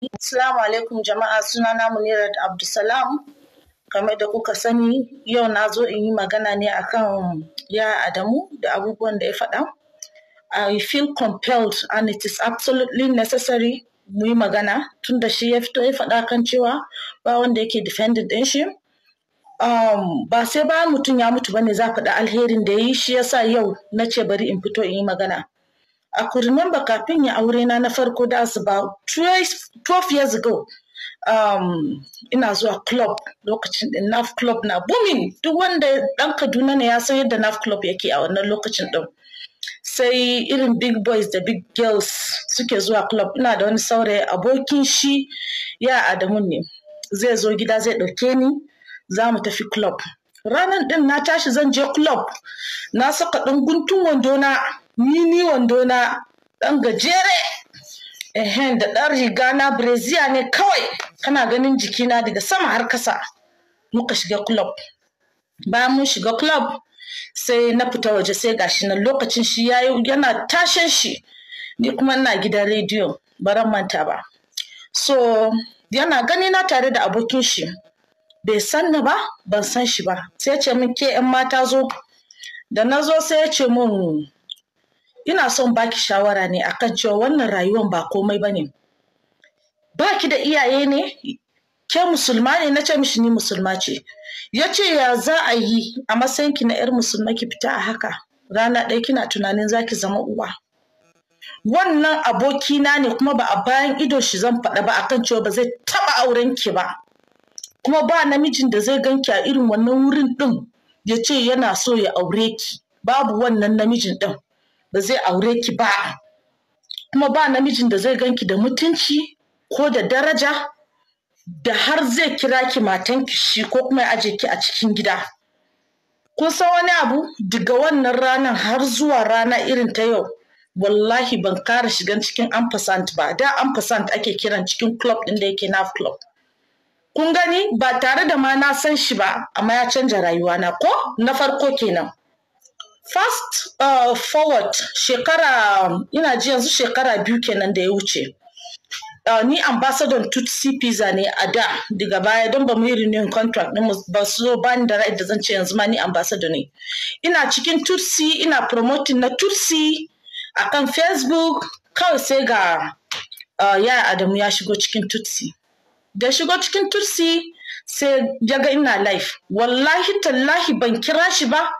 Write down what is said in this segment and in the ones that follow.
Assalamu alaikum jama'a sunana Munirat Abdulsalam. Kamar da kuka sani yau na zo in yi magana ne akan ya Adamu da abubuwan da ya faɗa. I feel compelled and it is absolutely necessary mu yi magana tunda shi ya fito ya faɗa kan cewa ba wanda yake defending ɗin shi. Um, ba sai bayan mutum ya mutu bane za faɗa alherin da ya yi shi yasa yau na ce bari in fito in yi magana. A could remember kafin ya aure na na farko da su ba 12 years ago um, ina zuwa club lokacin din naf club na booming duk wanda dan kaduna ne ya san yadda naf club yake a wannan lokacin din sai irin big boys da big girls suke zuwa club ina da wani saurayi abokin shi ya adamu ne zai zo gida zai ɗauke ni za mu tafi club ranar din na tashi zan je club na saka ɗan guntun wando na ni ni wando na ɗan gajere ehen da ɗan riga na breziya ne kawai kana ganin jikina daga sama har kasa muka shiga club bayan mun shiga club sai na fita waje sai gashi na. lokacin shi yayi yana tashen shi ni kuma ina gidan rediyo baran manta ba so yana gani na tare da abokin shi bai san ni ba ban san shi ba sai ya ce min ke yan mata zo da na zo sai ya ce min ina son baki shawara ne akan cewa wannan rayuwan ba komai ba ne baki da iyaye ne ke musulma ne na ce mishi ni musulma ce ya ce ya za a yi a matsayinki na 'yar musulma ki fita a haka rana ɗaya kina tunanin za ki zama uwa wannan abokina ne kuma ba a bayan ido shi zan faɗa ba akan cewa ba zai taɓa auren ki ba kuma ba namijin da zai ganki a irin wannan wurin ɗin ya ce yana so ya aure ki babu wannan namijin ɗin ba zai aure ki ba kuma ba namijin da zai ganki da mutunci ko da daraja da har zai kira ki matanki shi ko kuma ya aje ki a cikin gida kun san wani abu daga wannan ranar har zuwa rana irin ta yau wallahi ban kara shigan cikin ampersand ba da ampersand ake kiran cikin club din da yake naf club kun gani ba tare da ma na san shi ba amma ya canja rayuwa na ko na farko kenan fast uh, forward shekara ina ji yanzu shekara biyu kenan da ya wuce uh, ni ambassador tutsi pizza ne a da daga baya don ba mu yi renewing contract din ba su zo ba da right da zan ce yanzu ma ni ambassador ne ina cikin tutsi ina promoting na tutsi akan facebook kawai sai ga uh, ya adamu ya shigo cikin tutsi da shigo cikin tutsi sai ya ina life. wallahi tallahi ban kira shi ba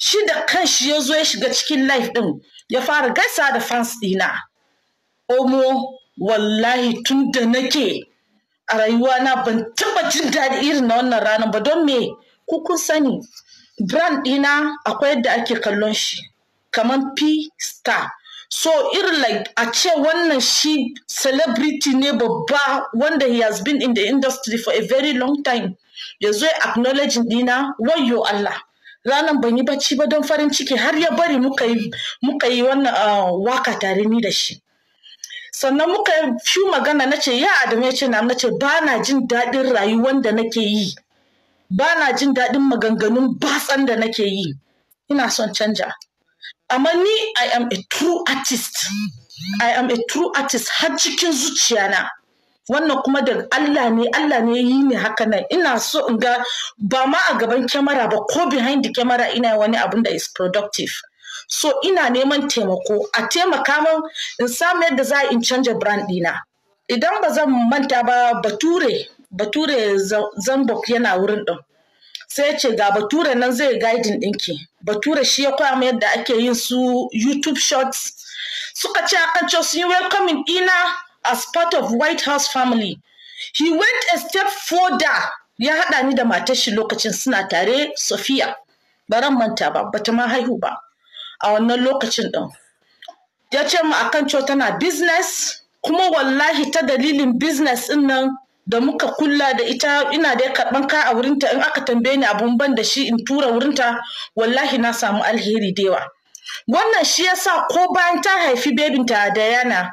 shi da shi ya zo ya shiga cikin life ɗin ya fara gaisa da fans ɗina. Omo wallahi tun da nake a rayuwa na ban taɓa jin daɗi irin na wannan rana ba don me kukun kun sani brand ɗina akwai yadda ake kallon shi kamar P star so irin like a ce wannan shi celebrity ne babba wanda he has been in the industry for a very long time zo ya acknowledging ɗina wayo Allah ranan ban yi bacci ba don farin ciki har ya bari muka yi wannan ah, waka tare ni da shi sannan muka yi fi magana na ce ya adam ya ce na na ce ba na jin daɗin rayuwan da nake yi ba na jin daɗin maganganun batsan da nake yi ina son canja amma ni i am a true artist i am a true artist har cikin zuciyana wannan kuma da Allah ne Allah ne yi ne haka nan ina so in ga ba ma a gaban kyamara ba ko behind the camera ina wani abun da is productive so ina neman taimako a taimaka min in samu yadda za in canja brand dina idan ba zan manta ba bature bature zambok yana wurin din sai ce ga bature nan zai guiding dinki bature shi ya koya yadda ake yin su youtube shots suka ce akan cewa sun yi welcoming ina as part of White House family. He went a step further ya haɗa ni da matar shi lokacin suna tare Sophia. Baran manta ba, bata ma haihu ba a wannan lokacin ɗin. Ya ce mu akan cewa tana business kuma wallahi ta dalilin business ɗin nan da muka kulla da ita ina da karɓan ka a wurinta in aka tambaye ni abun ban da shi in tura wurinta wallahi na samu alheri da yawa. Wannan shi yasa ko bayan ta haifi bebinta da yana.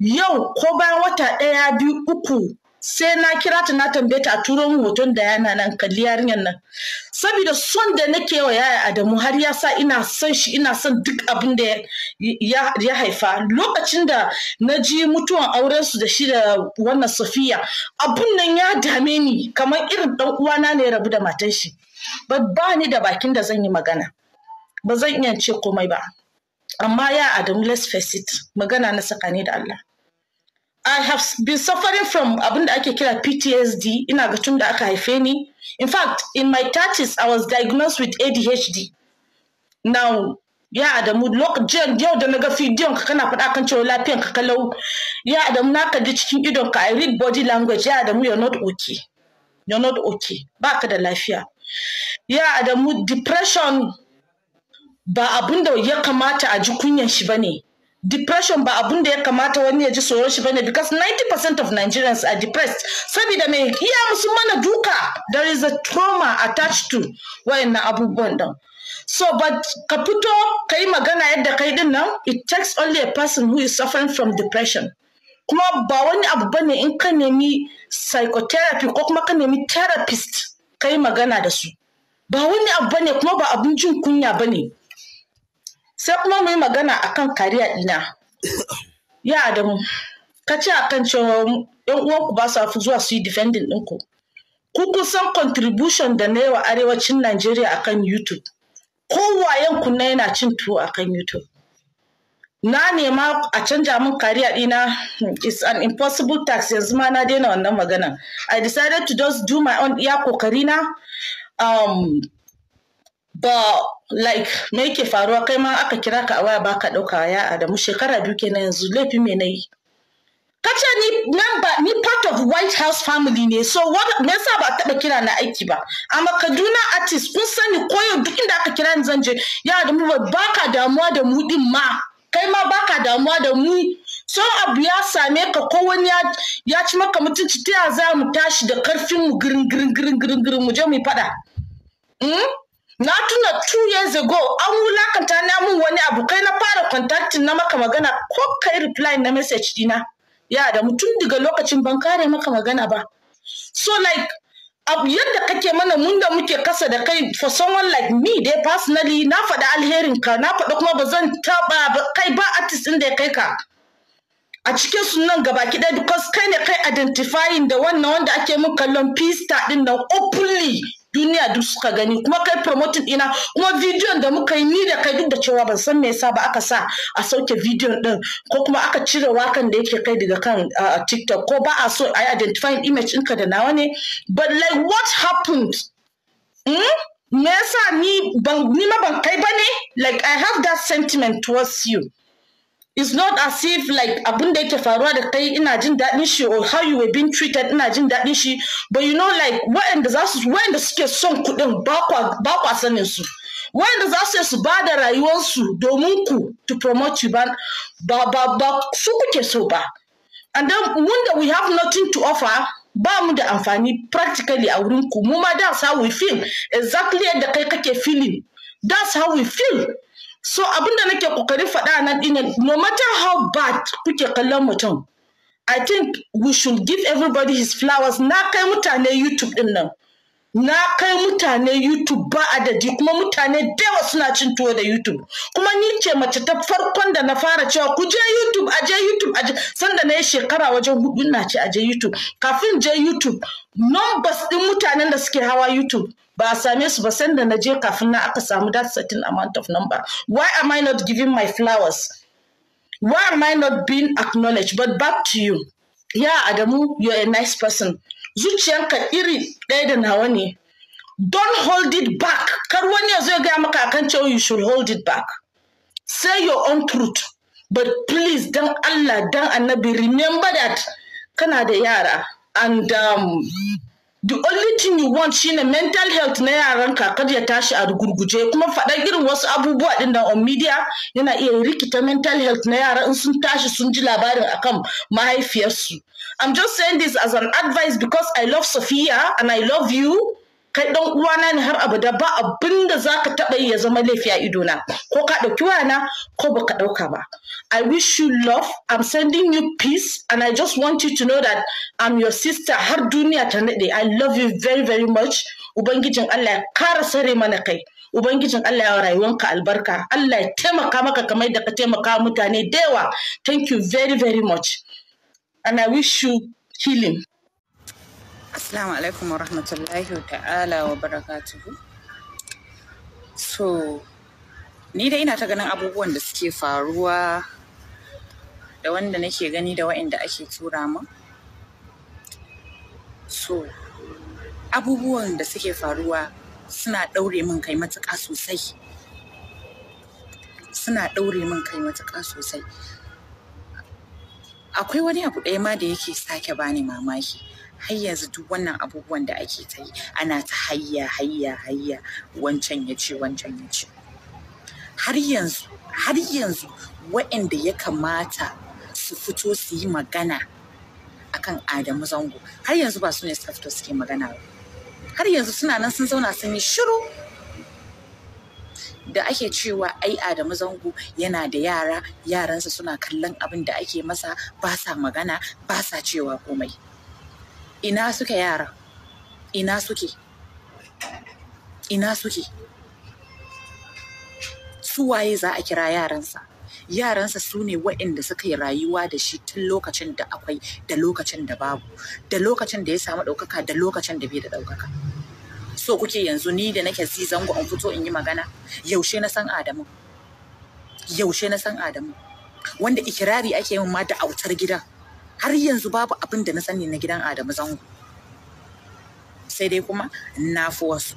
yau ko bayan wata ɗaya biyu uku sai na kira ta na tambaye ta a turo min hoton da yana nan kalli yarinyar nan saboda son da nake wa yaya Adamu har ya sa ina son shi ina son duk abin da ya, haifa lokacin da na ji mutuwan auren su da shi da wannan Sofiya abun nan ya dame ni kamar irin dan uwana ne rabu da matan shi ba ni da bakin da zan yi magana ba zan iya ce komai ba amma ya Adamu let's face magana na tsakani da Allah I have been suffering from abin ake kira PTSD ina ga tun da aka haife ni. In fact, in my 30s I was diagnosed with ADHD. Now, ya Adamu lokacin yau da na ga bidiyon ka kana faɗa kan cewa lafiyan ka kalau. Ya Adamu na kaji cikin idon ka I read body language ya Adamu you're not okay. You're not okay. Baka da lafiya. Ya Adamu depression ba abin da ya kamata a ji kunyan shi bane. depression ba abun da ya kamata wani ya ji tsoron shi bane because 90% of Nigerians are depressed saboda mai iya musu mana duka there is a trauma attached to wayannan abubuwan din so but ka fito ka yi magana yadda kai din nan it takes only a person who is suffering from depression kuma ba wani abu bane in ka nemi psychotherapy ko kuma ka nemi therapist ka yi magana da su ba wani abu bane kuma ba abun jin kunya bane sai kuma mu yi magana akan kariya ɗina ya adamu ka ce kan cewa yan uwanku ba su hafi zuwa su yi defending ɗinku ku kusan contribution da na yi wa arewacin Najeriya akan YouTube kowayen ku na yana cin tuwo akan YouTube na nema a canja min kariya ɗina is an impossible tax yanzu ma na daina wannan magana i decided to just do my own iya kokari na um, ba like me yake faruwa kai ma aka kira ka a waya baka ɗauka ya Adamu shekara biyu kenan yanzu laifi me nayi yi ni member ni part of white house family ne so me yasa ba taba kira na aiki ba amma kaduna artist kun sani koyo duk inda aka kira ni zan je ya Adamu baka damuwa da mu din ma kai ma baka damuwa da mu so abu ya same ka ko wani ya ci maka mutunci ta ya za mu tashi da karfin mu girin girin girin girin mu je mu faɗa hmm? na tuna two years ago an wulakanta na mun wani abu kai na fara contacting na maka magana ko kai reply na message dina ya da mutum daga lokacin ban kare maka magana ba so like abu yadda kake mana mun da muke kasa da kai for someone like me dey personally na faɗa alherin ka na faɗa kuma ba zan taɓa kai ba artist ɗin da ya kai ka a cikin sunan gaba ɗaya because kai ne kai identifying da wannan wanda ake mun kallon pista ɗin nan openly duniya duk suka gani kuma kai promoting ina kuma bidiyon da muka yi ni da kai duk da cewa ban san me yasa ba aka sa a sauke bidiyon din? ko kuma aka cire wakan da yake kai daga kan TikTok ko ba a so a identify image ɗinka da nawa ne but like what happened hmm? me yasa ni ban ni ma ban kai bane like I have that sentiment towards you it's not as if like abun da yake faruwa da kai ina jin daɗin shi or how you were being treated ina jin daɗin shi but you know like waɗanda za su waɗanda suke son kuɗin ba kwa sanin su waɗanda za su su ba da rayuwarsu domin ku to promote you ba ba ba su kuke so ba and then mun da we have nothing to offer ba mu da amfani practically a wurin ku mu ma that's how we feel exactly yadda kai kake feeling that's how we feel so abin da nake kokari faɗa nan ina, no matter how bad kuke kallon mutum I think we should give everybody his flowers na kai mutane YouTube din nan na kai mutane YouTube ba adadi kuma mutane da suna cin tuwo da YouTube kuma ni ce mace ta farkon da na fara cewa ku je YouTube aje YouTube aje sanda na yi shekara wajen hudu na ce aje YouTube kafin je YouTube numbers din mutanen da suke hawa YouTube ba a same su ba sanda na je kafin na aka samu that certain amount of number why am I not giving my flowers why am I not being acknowledged but back to you yeah Adamu you're a nice person zuciyanka iri ɗaya da nawa ne don't hold it back kar wani ya ya gaya maka kan cewa you should hold it back say your own truth but please don Allah don annabi remember that kana da yara and um, the only thing you want shine mental health na yaran kakar ya tashi a gurguje kuma faɗa irin wasu abubuwa din da on media yana iya rikita mental health na yara in sun tashi sun ji labarin akan mahaifiyarsu I'm just saying this as an advice because I love Sophia and I love you. Kai ɗan uwana ne har abada ba abin da za ka taɓa yi ya zama laifi a idona. Ko ka ɗauki wayana ko ba ka ɗauka ba. I wish you love. I'm sending you peace and I just want you to know that I'm your sister har duniya ta naɗe. I love you very very much. Ubangijin Allah ya kara sare mana kai. Ubangijin Allah ya rayuwanka albarka. Allah ya taimaka maka kamar da ka taimaka mutane da yawa. Thank you very very much. and I wish you healing. Assalamu alaikum wa rahmatullahi ta'ala wa barakatuhu. So, ni da ina ta ganin abubuwan da suke faruwa da wanda nake gani da wa'inda ake tura min. So, abubuwan da suke faruwa suna ɗaure min kai matuƙa sosai. Suna ɗaure min kai matuƙa sosai. akwai wani abu ɗaya ma da yake sake bani mamaki har yanzu duk wannan abubuwan da ake ta yi ana ta hayya hayya hayya wancan ya ce wancan ya ce har yanzu har yanzu wa'anda ya kamata su fito su yi magana akan adamu zango har yanzu ba su ne suka fito suke magana ba har yanzu suna nan sun zauna sun yi shiru da ake cewa ai Adamu Zango yana da yara yaransa suna kallon abin da ake masa ba sa magana ba sa cewa komai ina suke yara ina suke ina suke suwaye za a kira yaransa yaransa su ne waɗanda suka yi rayuwa da shi tun lokacin da akwai da lokacin da babu da lokacin da ya samu ɗaukaka da lokacin da bai da ɗaukaka. so kuke yanzu ni da nake si zango an fito in yi magana yaushe na san adamu yaushe na san adamu wanda ikirari ake yin ma da autar gida har yanzu babu abin da na sani na gidan adamu zango sai dai kuma na fi wasu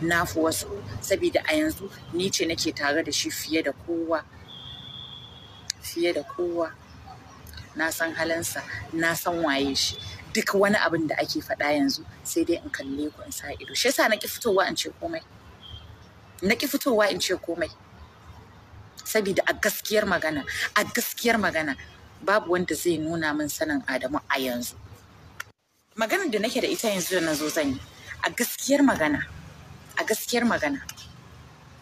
na fi wasu saboda a yanzu ni ce nake tare da shi fiye da kowa fiye da kowa na san halansa na san waye shi duk wani abin da ake faɗa yanzu sai dai in kalle ku in sa ido shi yasa na ki fitowa in ce komai na ki fitowa in ce komai saboda a gaskiyar magana a gaskiyar magana babu wanda zai nuna min sanin Adamu a yanzu maganar da nake da ita yanzu na zo zan yi a gaskiyar magana a gaskiyar magana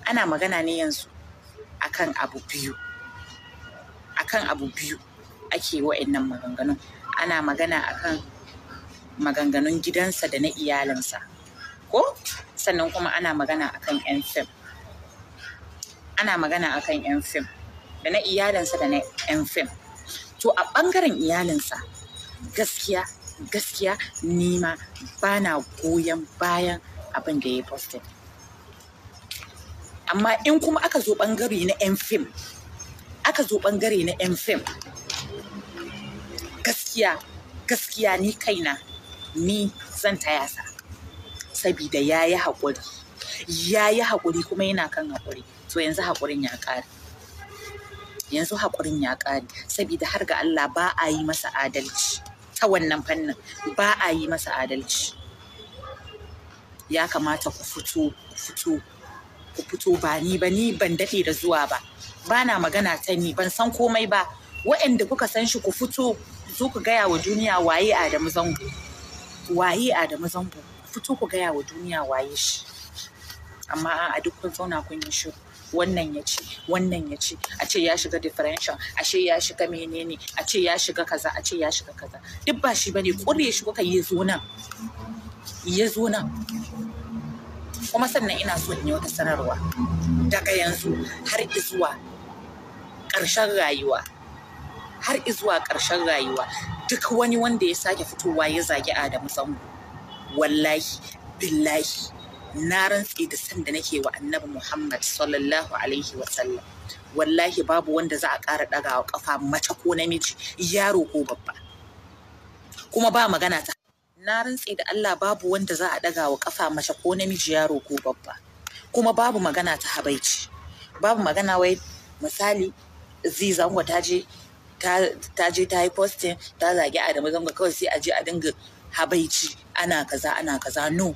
ana magana ne yanzu akan abu biyu akan abu biyu ake wa'annan maganganun ana magana akan maganganun gidansa da na iyalinsa ko sannan kuma ana magana akan 'yan fim ana magana akan 'yan fim da na iyalinsa da na 'yan fim to a ɓangaren iyalinsa gaskiya gaskiya nima ba na goyon bayan abin da ya yi amma in kuma aka zo ɓangare na 'yan fim aka zo bangare na 'yan fim gaskiya gaskiya ni kaina ni zan taya sa sabida ya yi haƙuri ya yi haƙuri kuma yana kan haƙuri to yanzu haƙurin ya ƙare yanzu haƙurin ya ƙare sabida har ga Allah ba a yi masa adalci ta wannan fannin ba a yi masa adalci ya kamata ku fito ku fito ku fito ba ni ba ni ban daɗe da zuwa ba ba na magana ta ni ban san komai ba wa'anda kuka san shi ku fito zo ku gaya wa duniya waye Adamu Zango waye Adamu Zambo fito ku gaya wa duniya waye shi amma a duk kun zauna kun yi shiru wannan ya ce wannan ya ce a ce ya shiga differential a ce ya shiga menene a ce ya shiga kaza a ce ya shiga kaza duk ba shi bane kure shi kuka yi zo nan ya zo nan kuma sannan ina so in yi wata sanarwa daga yanzu har izuwa ƙarshen rayuwa har izuwa ƙarshen rayuwa duk wani wanda ya sake fitowa ya zagi Adamu Sango wallahi billahi na rantse da san da nake wa annabi Muhammad sallallahu alaihi wasallam wallahi babu wanda za a ƙara ɗagawa ƙafa mace ko namiji yaro ko babba kuma ba magana ta na rantse da Allah babu wanda za a wa ƙafa mace ko namiji yaro ko babba kuma babu magana ta habaici babu magana wai misali zizango ta je ta je ta yi posting ta zagi Adamu Zango kawai sai a je a dinga habaici ana kaza ana kaza no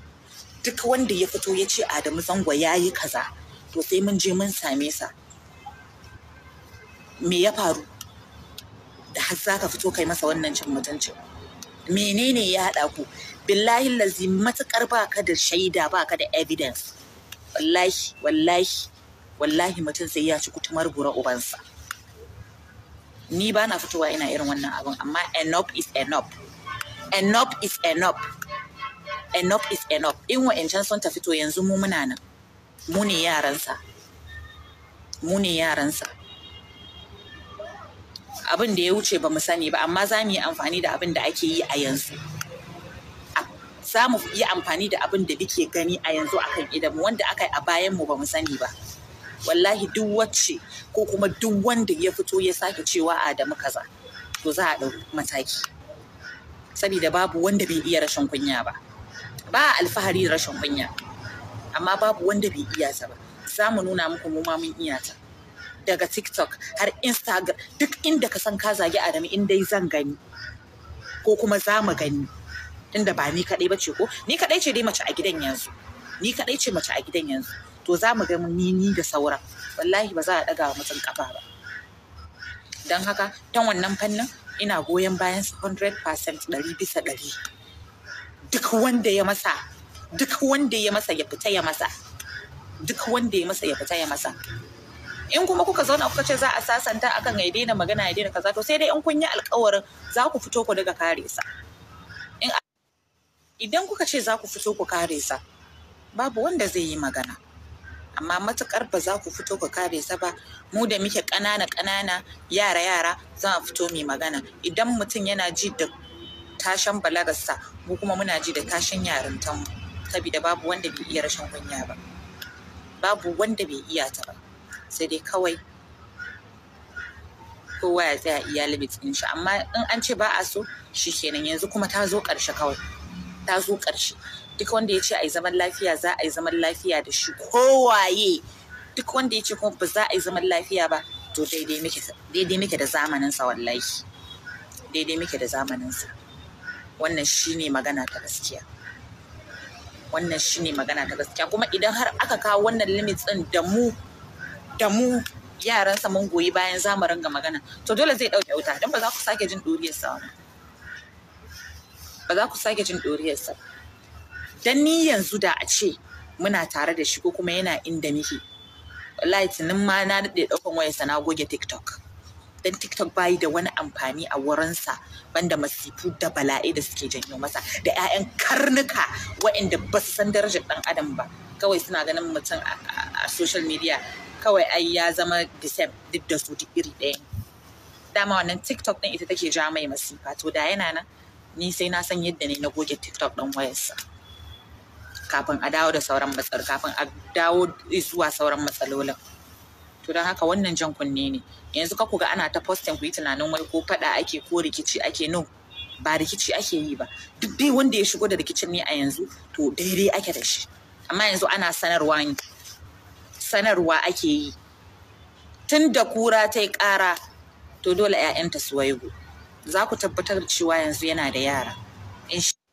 duk wanda ya fito ya ce Adamu Zango ya yi kaza to sai mun je mun same sa me ya faru da har za ka fito kai masa wannan cin mutuncin menene ya haɗa ku billahi lazi matuƙar baka da shaida baka da evidence wallahi wallahi wallahi mutum sai ya ci kutumar gura ubansa ni ba na fitowa ina irin wannan abin amma enough is enough enough is enough enough is enough in wa'ancan sun tafi to yanzu mu muna nan mu ne yaransa mu ne yaransa abin da ya wuce ba mu sani ba amma za mu yi amfani da abin da ake yi a yanzu za mu yi amfani da abin da muke gani a yanzu akan idanmu wanda aka yi a bayanmu ba mu sani ba wallahi duk wacce ko kuma duk wanda ya fito ya sake cewa Adamu kaza to za a mataki saboda babu wanda bai iya rashin kunya ba ba alfahari rashin kunya amma babu wanda bai iya ta ba za mu nuna muku mu ma mun iya ta daga TikTok har Instagram duk inda ka san ka zagi Adamu in dai zan gani ko kuma za mu gani tunda ba ni kadai ba ce ko ni kadai ce dai mace a gidan yanzu ni kadai ce mace a gidan yanzu to za mu ga ni ni da sauran wallahi ba za a ɗaga wa mutum kafa ba don haka ta wannan fannin ina goyon bayan 100% ɗari bisa ɗari duk wanda ya masa duk wanda ya masa ya fita ya masa duk wanda ya masa ya fita ya masa in kuma kuka zauna kuka ce za a sasanta akan ya daina magana ya daina kaza to sai dai in kun yi alkawarin za ku fito ku daga kare sa idan kuka ce za ku fito ku kare sa babu wanda zai yi magana amma matukar ba za ku fito ku kare sa ba mu da muke ƙanana ƙanana yara yara za a fito mai magana idan mutum yana ji da tashan balagarsa mu kuma muna ji da tashin yarintan saboda babu wanda bai iya rashin kunya ba babu wanda bai iya ta ba sai dai kawai kowa ya tsaya iya limit ɗin shi amma in an ce ba a so shi kenan yanzu kuma ta zo ƙarshe kawai ta zo ƙarshe duk wanda ya ce a yi zaman lafiya za a yi zaman lafiya da shi kowaye duk wanda ya ce kuma ba za a yi zaman lafiya ba to daidai muke da zamaninsa wallahi daidai muke da zamaninsa wannan shi ne magana ta gaskiya wannan shi ne magana ta gaskiya kuma idan har aka kawo wannan limit din da mu da mu yaransa mun goyi bayan mu ringa magana to dole zai dauke wuta don ba za ku sake jin sa ba za ku sake jin doriyarsa ba dan ni yanzu da a ce muna tare da shi ko kuma yana inda muke wallahi tunin ma na daɗe ɗaukan wayarsa na goge tiktok dan tiktok bayi da wani amfani a wurinsa banda masifu da bala'i da suke janyo masa da 'ya'yan karnuka waɗanda ba su san darajar ɗan adam ba kawai suna ganin mutum a social media kawai ai ya zama same duk da su duk iri ɗaya dama wannan tiktok ɗin ita take ja mai masifa to da yana nan ni sai na san yadda ne na goge tiktok ɗin wayarsa kafin a dawo da sauran kafin a dawo zuwa sauran matsalolin to don haka wannan jan kunne ne yanzu ka kuga ana ta posting ku yi tunanin wai ko fada ake ko rikici ake no ba rikici ake yi ba duk dai wanda ya shigo da rikicin ne a yanzu to daidai ake da shi amma yanzu ana sanarwa sanarwa ake yi tun da kura ta yi ƙara to dole 'ya'yanta su waigo za ku tabbatar cewa yanzu yana da yara